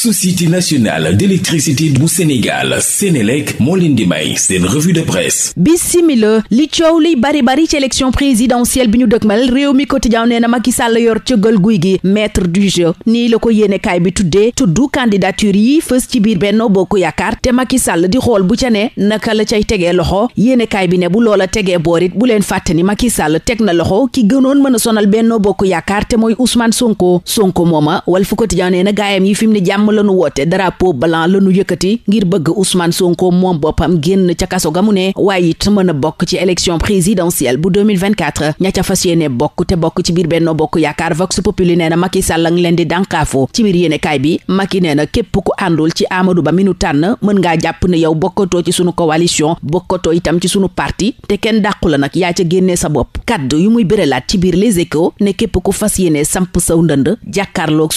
société nationale d'électricité bu Sénégal Sénélec li coow liy bari bari ci élection présidentielle bi ñu mal réew mi quotidien nee na Macky Sall yor cëggal guy gi maître du jeu nii la ko yéenekaay bi tuddee tuddu candidature yi fës ci biir Benno Bokk Yaakaar te Macky Sall di xool bu ca ne naka la cay tegee loxo yéenekaay bi ne bu loola tegee boorit bu leen fàtte ni Macky Sall teg na loxo ki gënoon mën a sonal Benno Bokk Yaakaar te mooy Ousmane Sonko Sonko mooma Walf Quotidien nee na gaayam jàmm la nu woote drapeau blanc la nu yëkkati ngir bëgg Ousmane Sonko moom boppam génn ca kaso ga mu ne waaye it mën a bokk ci élection présidentielle bu 2024 ña ca fas yéene bokk te bokk ci biir Benno Bokk Yaakaar Vox Populi nee na Macky Sall a ngi leen di dànkaafu ci biir yéenekaay bi Macky nee na képp ku àndul ci Amadou Ba mi nu tànn mën ngaa jàpp ne yow bokkatoo ci sunu coalition bokkatoo itam ci sunu parti te kenn dàqu la nag yaa ca génne sa bopp kaddu yu muy bërelaat ci biir Les Échos ne képp ku fas yéene samp saw ndënd jàkkaarloog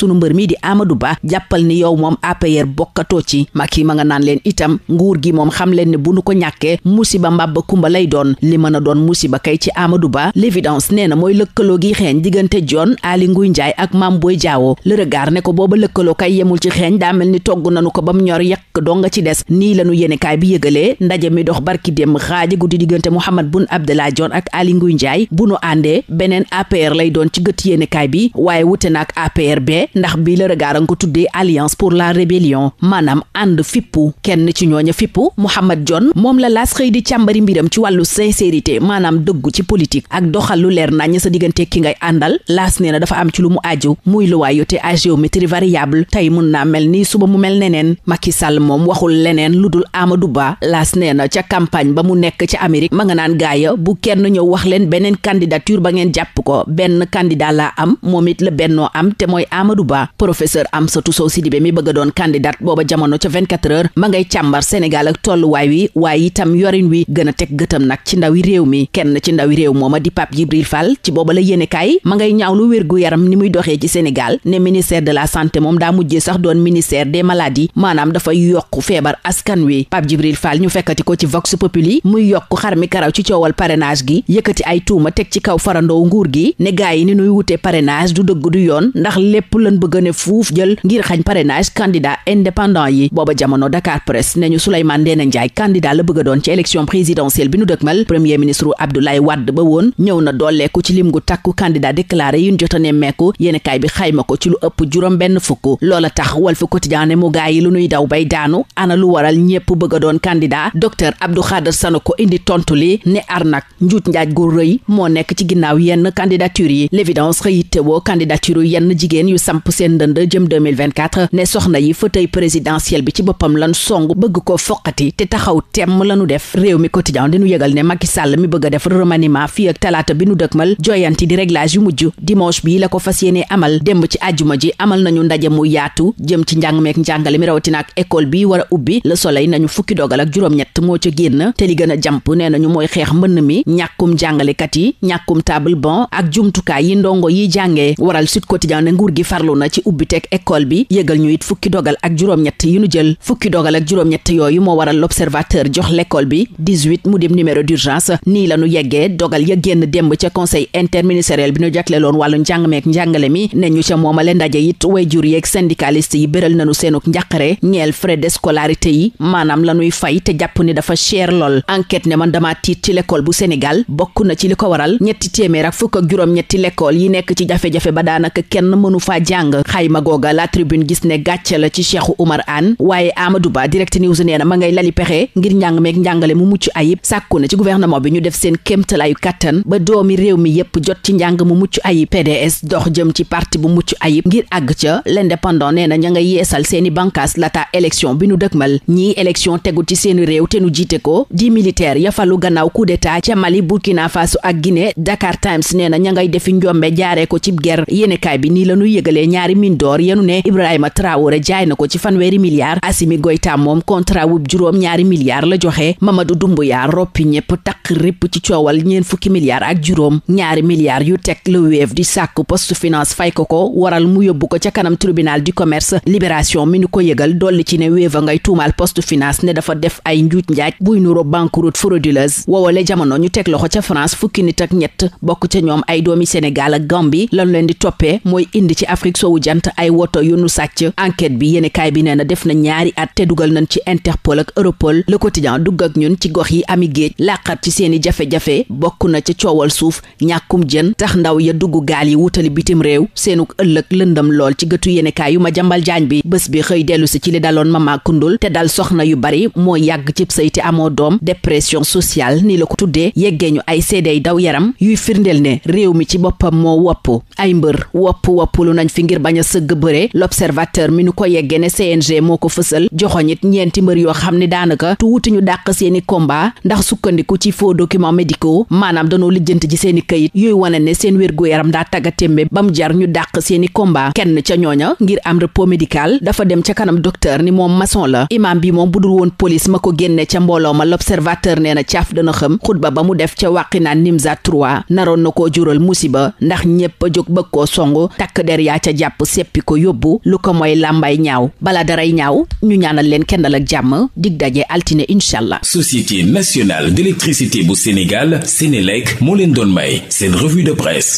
yow moom APR bokkatoo ci Macky ma nga naan leen itam nguur gi moom xam leen ne bu nu ko ñàkkee musiba mbàbba kumba lay doon li mën a doon musiba kay ci amadu Ba l'évidence nee na mooy lëkkaloo gi xeeñ diggante John Aly Ngouille Ndiaye ak Mame Boye Diao le ne ko booba lëkkaloo kay yemul ci xeeñ daa mel ni togg nanu ko ba mu ñor yàq doo nga ci des nii lanu yénekaay bi yëgalee ndaje mi dox barki dem xaaja guddi diggante Mouhamed Boun Abdallah Dionne ak Aly Ngouille bu nu àndee beneen APR lay doon ci gët yénekaay bi waaye wute na ak be ndax bii la regard nga ko tuddee alliance alliance la rébellion maanaam ànd fippu kenn ci ñooña fippu Mouhamed John moom la laas xëy di càmbari mbiram ci wàllu sincérité maanaam dëggu ci politique ak doxal lu leer nañ sa diggante ki ngay àndal laas nee na dafa am ci lu mu aju muy luwaay yote à variable tey mun naa mel ni suba mu mel neneen Macky Sall moom waxul leneen lu dul amadu Ba laas nee na ca campagne ba mu nekk ca Amérique ma nga naan gaaya bu kenn ñëw wax leen beneen candidature ba ngeen jàpp ko benn candidat laa am moom it la bennoo am te mooy amadu Ba professeur Amsatou Sow Sidibé mi bëgg a doon candidat booba jamono ca 24 heures ma ngay càmbar Sénégal ak tolluwaay wi waaye itam yorin wi gën a teg gëtam nag ci ndawi réew mi kenn ci ndawi réew mooma di Pape Djibril Fall ci booba la yéenekaay ma ngay ñaawlu wér-gu-yaram ni muy doxee ci Sénégal ne ministère de la santé moom daa mujjee sax doon ministère des maladies maanaam dafay yokk feebar askan wi Pape Djibril Fall ñu fekkati ko ci Vox Populi muy yokk xar mi karaw ci coowal parrainage gi yëkkati ay tuuma teg ci kaw farandoo nguur gi ne gaay yi ni nuy wutee parrainage du dëgg du yoon ndax parrainage candidat indépendant yi booba jamono Dakar Press ne ñu Souleymane Ndéné Ndiaye candidat la bëgg a doon ci élection présidentielle bi nu dëkmal premier ministre Abdoulaye Wade ba woon ñëw na dooleeku ci lim gu takku candidat déclaré yu ñu jotane meeku yéen bi xayma ko ci lu ëpp juróom benn fukk loola tax Walf Quotidien ne mu gaa yi lu nuy daw bay daanu ana lu waral ñépp bëgg a doon candidat docteur Abdou Khader Sanoko indi tontu li ne arnak njuut ne soxna yi fauteuil présidentiel bi ci boppam lan song bëgg ko foqati te taxaw temm lanu def réew mi quotidien di nu yëgal ne Macky Sall mi bëgg a def remaniement fii ak bi nu dëkkmal joyanti di réglage yu mujj dimanche bi la ko fas yéene amal démb ci àjjuma ji amal nañu ndaje mu yaatu jëm ci njàng meek njàngale mi rawatina ak école bi war a ubbi le soleil nañu fukki dogal ak juróom-ñett moo ca génn te li gën a jàmp nee nañu mooy xeex mbënn mi ñàkkum jàngalekat yi ñàkkum table bon ak jumtukaay yi ndongo yi jàngee waral sud quotidien ne nguur gi farlu na ci ubbiteeg école bi yëgal ñu it fukki dogal ak juróom-ñett yi nu jël fukki dogal ak juróom-ñett yooyu moo waral l'observateur jox l'école bi mu dim numéro d'urgence nii la nu dogal ya génn démb ca conseil interministériel bi ñu jagleloon wàllu njàng meek njàngale mi ne ñu ca moomale ndaje it way jur yeeg syndicaliste yi béral nanu seenuk njàqare ñeel frais de scolarité yi maanaam la fay te jàpp ni dafa cher lool enquête ne man dama tiit ci l'école bu Sénégal bokk na ci li ko waral ñetti téeméer yi nekk ci jafe ba daanaka kenn mënu ne gàcce la ci Cheikhou Oumar Anne waaye Amadou Ba Direct News nee ma ngay lali pexe ngir njàng meek njàngale mu mucc ayib sàkku na ci gouvernement bi ñu def seen kéemtalaayu kàttan ba doomi réew mi yépp jot ci njàng mu mucc ayib PDS dox jëm ci parti bu mucc ayib ngir àgg ca l'indépendant nee na ña nga yeesal seeni bànkaas laata élection bi nu dëgmal ñii élection tegu ci seeni réew te nu jiite ko di militaire ya falu gannaaw coup d'état ca Mali Burkina Faso ak Guinée Dakar Times nee na ña ngay defi njombe Traoré jaay na ko ci fanweeri milliards Assimi Goïta moom contrat wub juróom ñaari milliards la joxe Mamadou Doumbouya roppi ñépp takk répp ci coowal ñeen fukki milliards ak juróom ñaari milliards yu teg le wéef di sàkk poste finance fay ko ko waral mu yóbbu ko ca kanam tribunal du commerce libération mi nu ko yëgal dolli ci ne wéef a ngay tuumal poste finance ne dafa def ay njuuj njaaj buy nuro banqueroute frauduleuse woowale jamono ñu teg loxo ca France enquête bi yéene bi nee na def na ñaari at te dugal nañ ci Interpol ak Europol le quotidien dugg ak ñun ci gox yi ami géej làqat ci seeni jafe-jafe bokk na ca coowal suuf ñàkkum jën tax ndaw ya dugg gaal yi wutali bitim réew seenu ëllëg lëndam lool ci gëtu yéene yu ma jàmbal jaañ bi bés bi xëy dellu si ci li daloon ma kundul te dal soxna yu bari moo yàgg cib sëy te amoo doom dépression sociale ni la ko tuddee yeggee ñu ay seedeey daw yaram yuy firndeel ne réew mi ci boppam moo wopp ay mbër wopp wopp nañ fi bañ a l'observateur mi nu ko yeggee ne CNG moo ko fësal joxoñit ñeenti mbër yoo xam ne daanaka tuuti ñu dàq seeni combat ndax sukkandiku ci faux documents médicaux maanaam danoo lijjanti ci seeni këyit yooyu wane ne seen wér-gu-yaram daa tagga témbe ba mu jar ñu dàq seeni combat kenn ca ñooña ngir am repos médical dafa dem ca kanam docteur ni moom maçon la imaam bi moom bu dul woon police ma ko génne ca mbooloo ma l'observateur nee na caaf dana xam xutba ba mu def ca wàqinaan na koo jural musiba ndax ñépp a jóg bëgg koo song takk der yaa ca jàpp seppi ko yóbbu lu ngay làmbaay ñaaw balaa daray ñaaw ñu ñaanal leen kennal ak jàmm dig daje altine incha allah. Société nationale d'électricité bu Sénégal Sénélec moo leen doon may seen revue de presse.